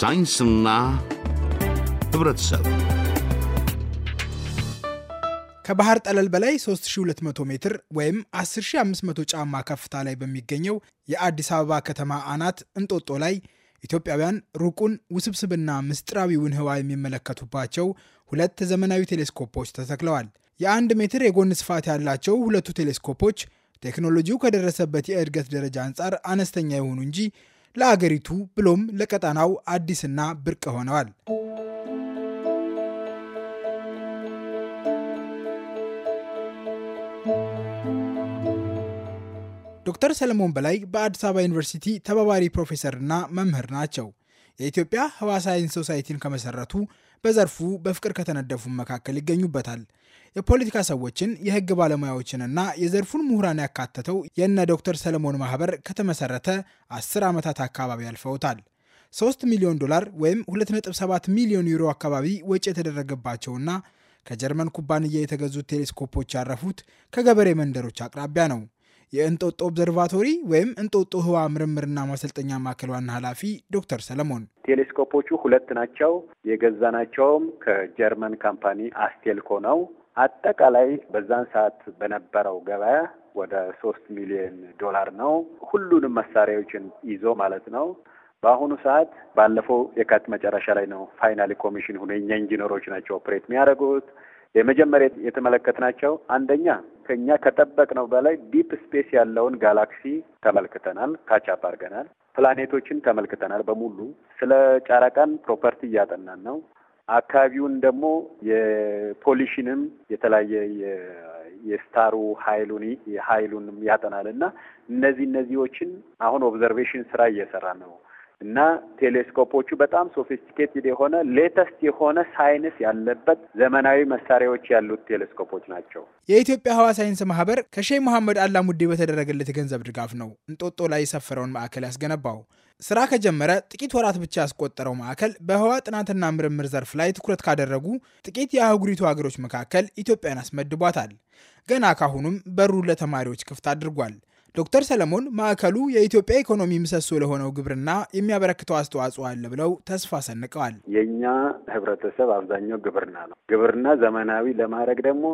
ሳይንስና ህብረተሰብ ከባህር ጠለል በላይ 3200 ሜትር ወይም 10500 ጫማ ከፍታ ላይ በሚገኘው የአዲስ አበባ ከተማ አናት እንጦጦ ላይ ኢትዮጵያውያን ሩቁን ውስብስብና ምስጢራዊውን ህዋ የሚመለከቱባቸው ሁለት ዘመናዊ ቴሌስኮፖች ተተክለዋል። የአንድ ሜትር የጎን ስፋት ያላቸው ሁለቱ ቴሌስኮፖች ቴክኖሎጂው ከደረሰበት የእድገት ደረጃ አንጻር አነስተኛ የሆኑ እንጂ ለአገሪቱ ብሎም ለቀጣናው አዲስና ብርቅ ሆነዋል። ዶክተር ሰለሞን በላይ በአዲስ አበባ ዩኒቨርሲቲ ተባባሪ ፕሮፌሰርና መምህር ናቸው። የኢትዮጵያ ህዋ ሳይንስ ሶሳይቲን ከመሰረቱ በዘርፉ በፍቅር ከተነደፉ መካከል ይገኙበታል። የፖለቲካ ሰዎችን፣ የህግ ባለሙያዎችንና የዘርፉን ምሁራን ያካተተው የእነ ዶክተር ሰለሞን ማህበር ከተመሰረተ አስር ዓመታት አካባቢ ያልፈውታል። 3 ሚሊዮን ዶላር ወይም 2.7 ሚሊዮን ዩሮ አካባቢ ወጪ የተደረገባቸውና ከጀርመን ኩባንያ የተገዙት ቴሌስኮፖች ያረፉት ከገበሬ መንደሮች አቅራቢያ ነው። የእንጦጦ ኦብዘርቫቶሪ ወይም እንጦጦ ህዋ ምርምርና ማሰልጠኛ ማዕከል ዋና ኃላፊ ዶክተር ሰለሞን ቴሌስኮፖቹ ሁለት ናቸው። የገዛናቸውም ከጀርመን ካምፓኒ አስቴልኮ ነው። አጠቃላይ በዛን ሰዓት በነበረው ገበያ ወደ ሶስት ሚሊዮን ዶላር ነው። ሁሉንም መሳሪያዎችን ይዞ ማለት ነው። በአሁኑ ሰዓት ባለፈው የካት መጨረሻ ላይ ነው ፋይናሊ ኮሚሽን ሆኖ የኛ ኢንጂነሮች ናቸው ኦፕሬት የሚያደርጉት። የመጀመሪያ የተመለከትናቸው አንደኛ ከእኛ ከጠበቅነው በላይ ዲፕ ስፔስ ያለውን ጋላክሲ ተመልክተናል፣ ካቻፕ አድርገናል። ፕላኔቶችን ተመልክተናል። በሙሉ ስለ ጨረቃን ፕሮፐርቲ እያጠናን ነው። አካባቢውን ደግሞ የፖሊሽንም የተለያየ የስታሩ ሀይሉን ሀይሉንም ያጠናል እና እነዚህ እነዚዎችን አሁን ኦብዘርቬሽን ስራ እየሰራ ነው እና ቴሌስኮፖቹ በጣም ሶፊስቲኬትድ የሆነ ሌተስት የሆነ ሳይንስ ያለበት ዘመናዊ መሳሪያዎች ያሉት ቴሌስኮፖች ናቸው። የኢትዮጵያ ህዋ ሳይንስ ማህበር ከሼህ መሐመድ አላሙዲ በተደረገለት የገንዘብ ድጋፍ ነው እንጦጦ ላይ የሰፈረውን ማዕከል ያስገነባው። ስራ ከጀመረ ጥቂት ወራት ብቻ ያስቆጠረው ማዕከል በህዋ ጥናትና ምርምር ዘርፍ ላይ ትኩረት ካደረጉ ጥቂት የአህጉሪቱ ሀገሮች መካከል ኢትዮጵያን አስመድቧታል። ገና ካሁኑም በሩ ለተማሪዎች ክፍት አድርጓል። ዶክተር ሰለሞን ማዕከሉ የኢትዮጵያ ኢኮኖሚ ምሰሶ ለሆነው ግብርና የሚያበረክተው አስተዋጽኦ አለ ብለው ተስፋ ሰንቀዋል። የእኛ ህብረተሰብ አብዛኛው ግብርና ነው። ግብርና ዘመናዊ ለማድረግ ደግሞ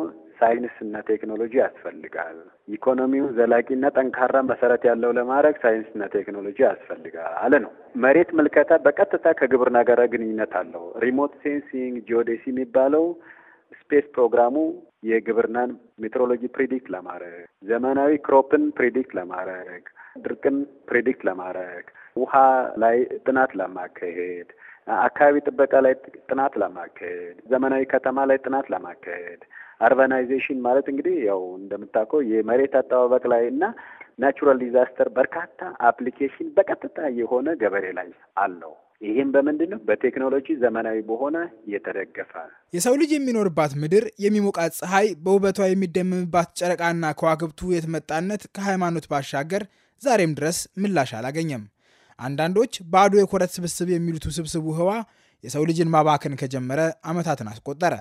ሳይንስና ቴክኖሎጂ ያስፈልጋል። ኢኮኖሚው ዘላቂና ጠንካራ መሰረት ያለው ለማድረግ ሳይንስና ቴክኖሎጂ ያስፈልጋል አለ ነው። መሬት ምልከታ በቀጥታ ከግብርና ጋር ግንኙነት አለው። ሪሞት ሴንሲንግ ጂኦዴሲ የሚባለው ስፔስ ፕሮግራሙ የግብርናን ሜትሮሎጂ ፕሪዲክት ለማድረግ ዘመናዊ ክሮፕን ፕሪዲክት ለማድረግ ድርቅን ፕሪዲክት ለማድረግ ውሃ ላይ ጥናት ለማካሄድ አካባቢ ጥበቃ ላይ ጥናት ለማካሄድ ዘመናዊ ከተማ ላይ ጥናት ለማካሄድ አርባናይዜሽን ማለት እንግዲህ ያው እንደምታውቀው የመሬት አጠባበቅ ላይ እና ናቹራል ዲዛስተር በርካታ አፕሊኬሽን በቀጥታ የሆነ ገበሬ ላይ አለው። ይህም በምንድን ነው? በቴክኖሎጂ ዘመናዊ በሆነ የተደገፈ የሰው ልጅ የሚኖርባት ምድር የሚሞቃት ፀሐይ፣ በውበቷ የሚደምምባት ጨረቃና ከዋክብቱ የተመጣነት ከሃይማኖት ባሻገር ዛሬም ድረስ ምላሽ አላገኘም። አንዳንዶች ባዶ የኮረት ስብስብ የሚሉት ውስብስቡ ህዋ የሰው ልጅን ማባከን ከጀመረ ዓመታትን አስቆጠረ።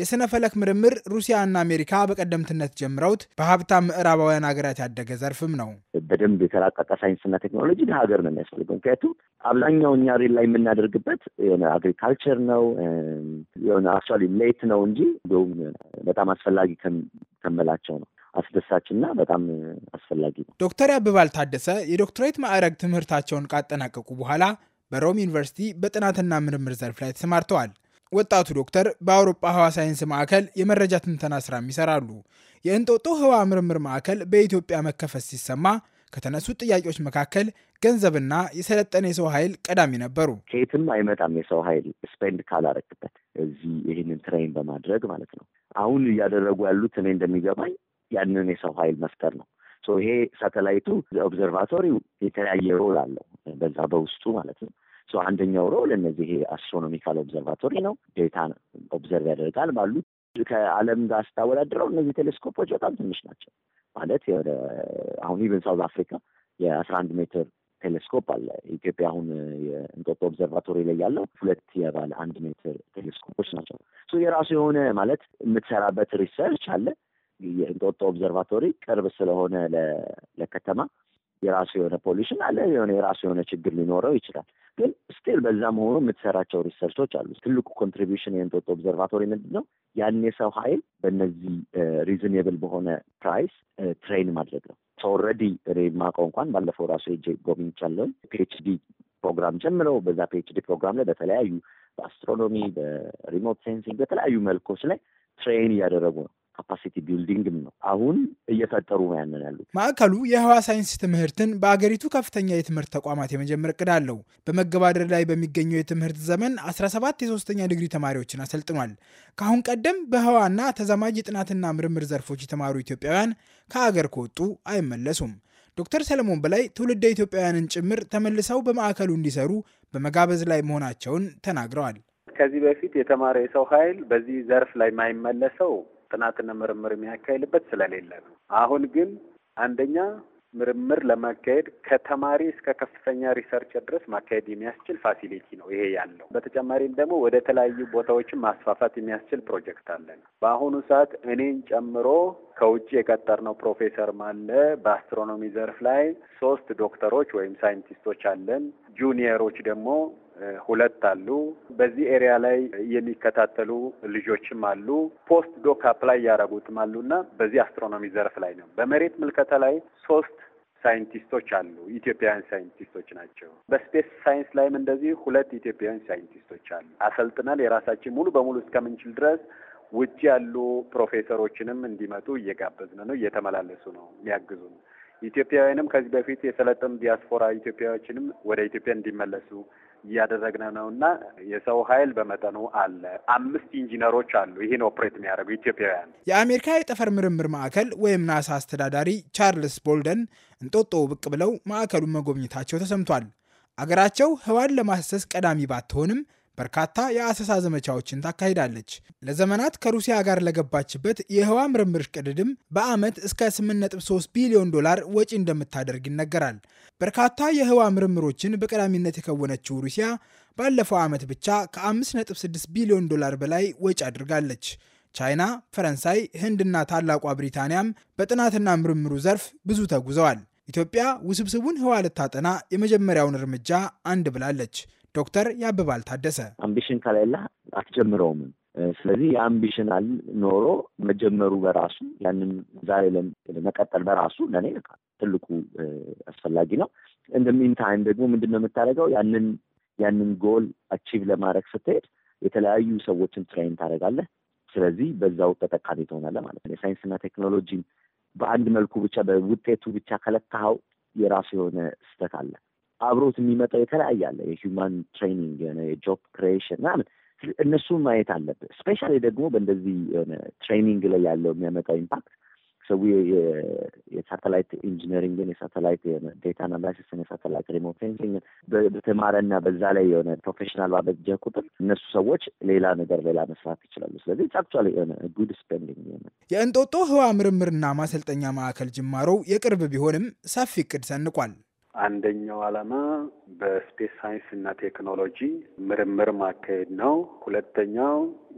የሥነ ፈለክ ምርምር ሩሲያ አሜሪካ በቀደምትነት ጀምረውት በሀብታም ምዕራባውያን ሀገራት ያደገ ዘርፍም ነው። በደንብ የተራቀቀ ሳይንስና ቴክኖሎጂ ለሀገር ነው የሚያስፈልገው። ምክንያቱም አብዛኛው እኛ ሪል ላይ የምናደርግበት የሆነ አግሪካልቸር ነው የሆነ አክቹዋሊ ሌት ነው እንጂ እንዲሁም በጣም አስፈላጊ ከመላቸው ነው አስደሳችና በጣም አስፈላጊ ነው። ዶክተር አብባል ታደሰ የዶክትሬት ማዕረግ ትምህርታቸውን ካጠናቀቁ በኋላ በሮም ዩኒቨርሲቲ በጥናትና ምርምር ዘርፍ ላይ ተሰማርተዋል። ወጣቱ ዶክተር በአውሮፓ ህዋ ሳይንስ ማዕከል የመረጃ ትንተና ስራም ይሰራሉ። የእንጦጦ ህዋ ምርምር ማዕከል በኢትዮጵያ መከፈት ሲሰማ ከተነሱት ጥያቄዎች መካከል ገንዘብና የሰለጠነ የሰው ኃይል ቀዳሚ ነበሩ። ከየትም አይመጣም የሰው ኃይል ስፔንድ ካላረክበት እዚህ ይህንን ትሬን በማድረግ ማለት ነው። አሁን እያደረጉ ያሉት እኔ እንደሚገባኝ ያንን የሰው ኃይል መፍጠር ነው። ይሄ ሳተላይቱ ኦብዘርቫቶሪው የተለያየ ሮል አለው በዛ በውስጡ ማለት ነው። አንደኛው ሮል እነዚህ አስትሮኖሚካል ኦብዘርቫቶሪ ነው። ዴታን ኦብዘርቭ ያደርጋል ባሉት ከአለም ጋር ስታወዳድረው እነዚህ ቴሌስኮፖች በጣም ትንሽ ናቸው ማለት ወደ አሁን ኢቨን ሳውዝ አፍሪካ የአስራ አንድ ሜትር ቴሌስኮፕ አለ። ኢትዮጵያ አሁን የእንጦጦ ኦብዘርቫቶሪ ላይ ያለው ሁለት የባለ አንድ ሜትር ቴሌስኮፖች ናቸው። የራሱ የሆነ ማለት የምትሰራበት ሪሰርች አለ የእንጦጦ ኦብዘርቫቶሪ ቅርብ ስለሆነ ለከተማ የራሱ የሆነ ፖሊሽን አለ፣ የሆነ የራሱ የሆነ ችግር ሊኖረው ይችላል። ግን ስቲል በዛ መሆኑ የምትሰራቸው ሪሰርቾች አሉ። ትልቁ ኮንትሪቢሽን የእንጦጦ ኦብዘርቫቶሪ ምንድን ነው? ያን የሰው ሀይል በእነዚህ ሪዝኔብል በሆነ ፕራይስ ትሬን ማድረግ ነው። ኦልሬዲ ማቀው እንኳን ባለፈው ራሱ ሄጄ ጎብኝቻለውን ፒኤችዲ ፕሮግራም ጀምረው በዛ ፒኤችዲ ፕሮግራም ላይ በተለያዩ በአስትሮኖሚ፣ በሪሞት ሴንሲንግ በተለያዩ መልኮች ላይ ትሬን እያደረጉ ነው። ካፓሲቲ ቢልዲንግም ነው። አሁን እየፈጠሩ ነው ያንን ያሉ። ማዕከሉ የህዋ ሳይንስ ትምህርትን በአገሪቱ ከፍተኛ የትምህርት ተቋማት የመጀመር እቅድ አለው። በመገባደር ላይ በሚገኘው የትምህርት ዘመን 17 የሶስተኛ ዲግሪ ተማሪዎችን አሰልጥኗል። ከአሁን ቀደም በህዋና ተዛማጅ የጥናትና ምርምር ዘርፎች የተማሩ ኢትዮጵያውያን ከአገር ከወጡ አይመለሱም። ዶክተር ሰለሞን በላይ ትውልደ ኢትዮጵያውያንን ጭምር ተመልሰው በማዕከሉ እንዲሰሩ በመጋበዝ ላይ መሆናቸውን ተናግረዋል። ከዚህ በፊት የተማረ የሰው ኃይል በዚህ ዘርፍ ላይ የማይመለሰው ጥናትና ምርምር የሚያካሄድበት ስለሌለ ነው። አሁን ግን አንደኛ ምርምር ለማካሄድ ከተማሪ እስከ ከፍተኛ ሪሰርች ድረስ ማካሄድ የሚያስችል ፋሲሊቲ ነው ይሄ ያለው። በተጨማሪም ደግሞ ወደ ተለያዩ ቦታዎችን ማስፋፋት የሚያስችል ፕሮጀክት አለን። በአሁኑ ሰዓት እኔን ጨምሮ ከውጭ የቀጠርነው ፕሮፌሰርም አለ። በአስትሮኖሚ ዘርፍ ላይ ሶስት ዶክተሮች ወይም ሳይንቲስቶች አለን። ጁኒየሮች ደግሞ ሁለት አሉ። በዚህ ኤሪያ ላይ የሚከታተሉ ልጆችም አሉ። ፖስት ዶክ አፕላይ ያደረጉትም አሉ እና በዚህ አስትሮኖሚ ዘርፍ ላይ ነው። በመሬት ምልከታ ላይ ሶስት ሳይንቲስቶች አሉ። ኢትዮጵያውያን ሳይንቲስቶች ናቸው። በስፔስ ሳይንስ ላይም እንደዚህ ሁለት ኢትዮጵያውያን ሳይንቲስቶች አሉ። አሰልጥናል። የራሳችን ሙሉ በሙሉ እስከምንችል ድረስ ውጭ ያሉ ፕሮፌሰሮችንም እንዲመጡ እየጋበዝን ነው። እየተመላለሱ ነው የሚያግዙን። ኢትዮጵያውያንም ከዚህ በፊት የሰለጠኑ ዲያስፖራ ኢትዮጵያዎችንም ወደ ኢትዮጵያ እንዲመለሱ እያደረግነ ነው እና የሰው ኃይል በመጠኑ አለ። አምስት ኢንጂነሮች አሉ ይህን ኦፕሬት የሚያደርጉ ኢትዮጵያውያን። የአሜሪካ የጠፈር ምርምር ማዕከል ወይም ናሳ አስተዳዳሪ ቻርልስ ቦልደን እንጦጦ ብቅ ብለው ማዕከሉን መጎብኘታቸው ተሰምቷል። አገራቸው ህዋን ለማሰስ ቀዳሚ ባትሆንም በርካታ የአሰሳ ዘመቻዎችን ታካሂዳለች። ለዘመናት ከሩሲያ ጋር ለገባችበት የህዋ ምርምር ቅድድም በዓመት እስከ 8.3 ቢሊዮን ዶላር ወጪ እንደምታደርግ ይነገራል። በርካታ የህዋ ምርምሮችን በቀዳሚነት የከወነችው ሩሲያ ባለፈው ዓመት ብቻ ከ5.6 ቢሊዮን ዶላር በላይ ወጪ አድርጋለች። ቻይና፣ ፈረንሳይ፣ ህንድና ታላቋ ብሪታንያም በጥናትና ምርምሩ ዘርፍ ብዙ ተጉዘዋል። ኢትዮጵያ ውስብስቡን ህዋ ልታጠና የመጀመሪያውን እርምጃ አንድ ብላለች። ዶክተር ያብባል ታደሰ አምቢሽን ከሌላ አትጀምረውም። ስለዚህ የአምቢሽን ኖሮ መጀመሩ በራሱ ያንን ዛሬ ለመቀጠል በራሱ ለእኔ ትልቁ አስፈላጊ ነው። እንደሚንታይም ደግሞ ምንድን ነው የምታደርገው? ያንን ያንን ጎል አቺቭ ለማድረግ ስትሄድ የተለያዩ ሰዎችን ትሬን ታደርጋለህ። ስለዚህ በዛው ተጠቃሚ ትሆናለህ ማለት ነው። የሳይንስና ቴክኖሎጂን በአንድ መልኩ ብቻ በውጤቱ ብቻ ከለካኸው የራሱ የሆነ ስህተት አለ። አብሮት የሚመጣ የተለያየ አለ። የሂውማን ትሬኒንግ የሆነ የጆብ ክሬሽን ምናምን እነሱን ማየት አለብህ። ስፔሻሊ ደግሞ በእንደዚህ የሆነ ትሬኒንግ ላይ ያለው የሚያመጣው ኢምፓክት ሰው የሳተላይት ኢንጂነሪንግን የሳተላይት ዴታ አናላይሲስን የሳተላይት ሪሞት ሴንሲንግን በተማረና በዛ ላይ የሆነ ፕሮፌሽናል ባበጀ ቁጥር እነሱ ሰዎች ሌላ ነገር ሌላ መስራት ይችላሉ። ስለዚህ ጫቅጫ የሆነ ጉድ ስፔንዲንግ የሆነ የእንጦጦ ህዋ ምርምርና ማሰልጠኛ ማዕከል ጅማሮው የቅርብ ቢሆንም ሰፊ እቅድ ሰንቋል። አንደኛው ዓላማ በስፔስ ሳይንስ እና ቴክኖሎጂ ምርምር ማካሄድ ነው። ሁለተኛው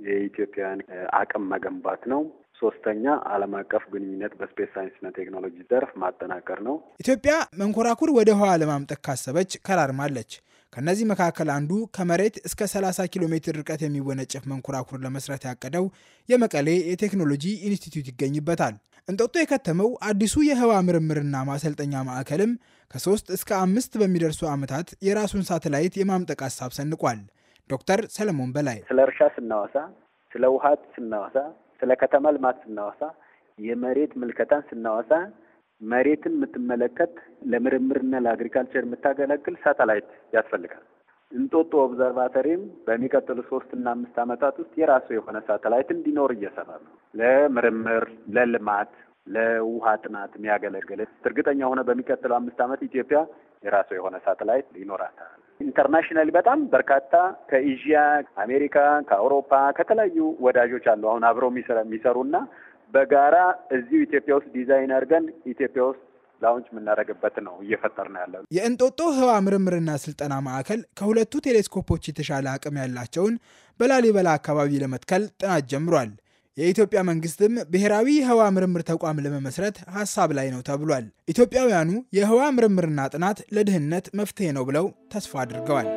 የኢትዮጵያን አቅም መገንባት ነው። ሶስተኛ ዓለም አቀፍ ግንኙነት በስፔስ ሳይንስና ቴክኖሎጂ ዘርፍ ማጠናከር ነው። ኢትዮጵያ መንኮራኩር ወደ ህዋ ለማምጠቅ ካሰበች ከራርማለች። ከእነዚህ መካከል አንዱ ከመሬት እስከ 30 ኪሎ ሜትር ርቀት የሚወነጨፍ መንኮራኩር ለመስራት ያቀደው የመቀሌ የቴክኖሎጂ ኢንስቲትዩት ይገኝበታል። እንጦጦ የከተመው አዲሱ የህዋ ምርምርና ማሰልጠኛ ማዕከልም ከሶስት እስከ አምስት በሚደርሱ ዓመታት የራሱን ሳተላይት የማምጠቅ ሀሳብ ሰንቋል። ዶክተር ሰለሞን በላይ ስለ እርሻ ስናወሳ፣ ስለ ውሃት ስናወሳ፣ ስለ ከተማ ልማት ስናወሳ፣ የመሬት ምልከታን ስናወሳ መሬትን የምትመለከት ለምርምርና ለአግሪካልቸር የምታገለግል ሳተላይት ያስፈልጋል። እንጦጦ ኦብዘርቫተሪም በሚቀጥሉ ሶስትና አምስት ዓመታት ውስጥ የራሱ የሆነ ሳተላይት እንዲኖር እየሰራ ነው። ለምርምር፣ ለልማት፣ ለውሃ ጥናት የሚያገለግል እርግጠኛ ሆነ በሚቀጥለው አምስት ዓመት ኢትዮጵያ የራሱ የሆነ ሳተላይት ይኖራታል። ኢንተርናሽናሊ በጣም በርካታ ከኤዥያ፣ አሜሪካ፣ ከአውሮፓ ከተለያዩ ወዳጆች አሉ አሁን አብረው የሚሰሩና በጋራ እዚሁ ኢትዮጵያ ውስጥ ዲዛይን አድርገን ኢትዮጵያ ውስጥ ላውንች የምናደርግበት ነው እየፈጠር ነው ያለው። የእንጦጦ ህዋ ምርምርና ስልጠና ማዕከል ከሁለቱ ቴሌስኮፖች የተሻለ አቅም ያላቸውን በላሊበላ አካባቢ ለመትከል ጥናት ጀምሯል። የኢትዮጵያ መንግስትም ብሔራዊ የህዋ ምርምር ተቋም ለመመስረት ሀሳብ ላይ ነው ተብሏል። ኢትዮጵያውያኑ የህዋ ምርምርና ጥናት ለድህነት መፍትሄ ነው ብለው ተስፋ አድርገዋል።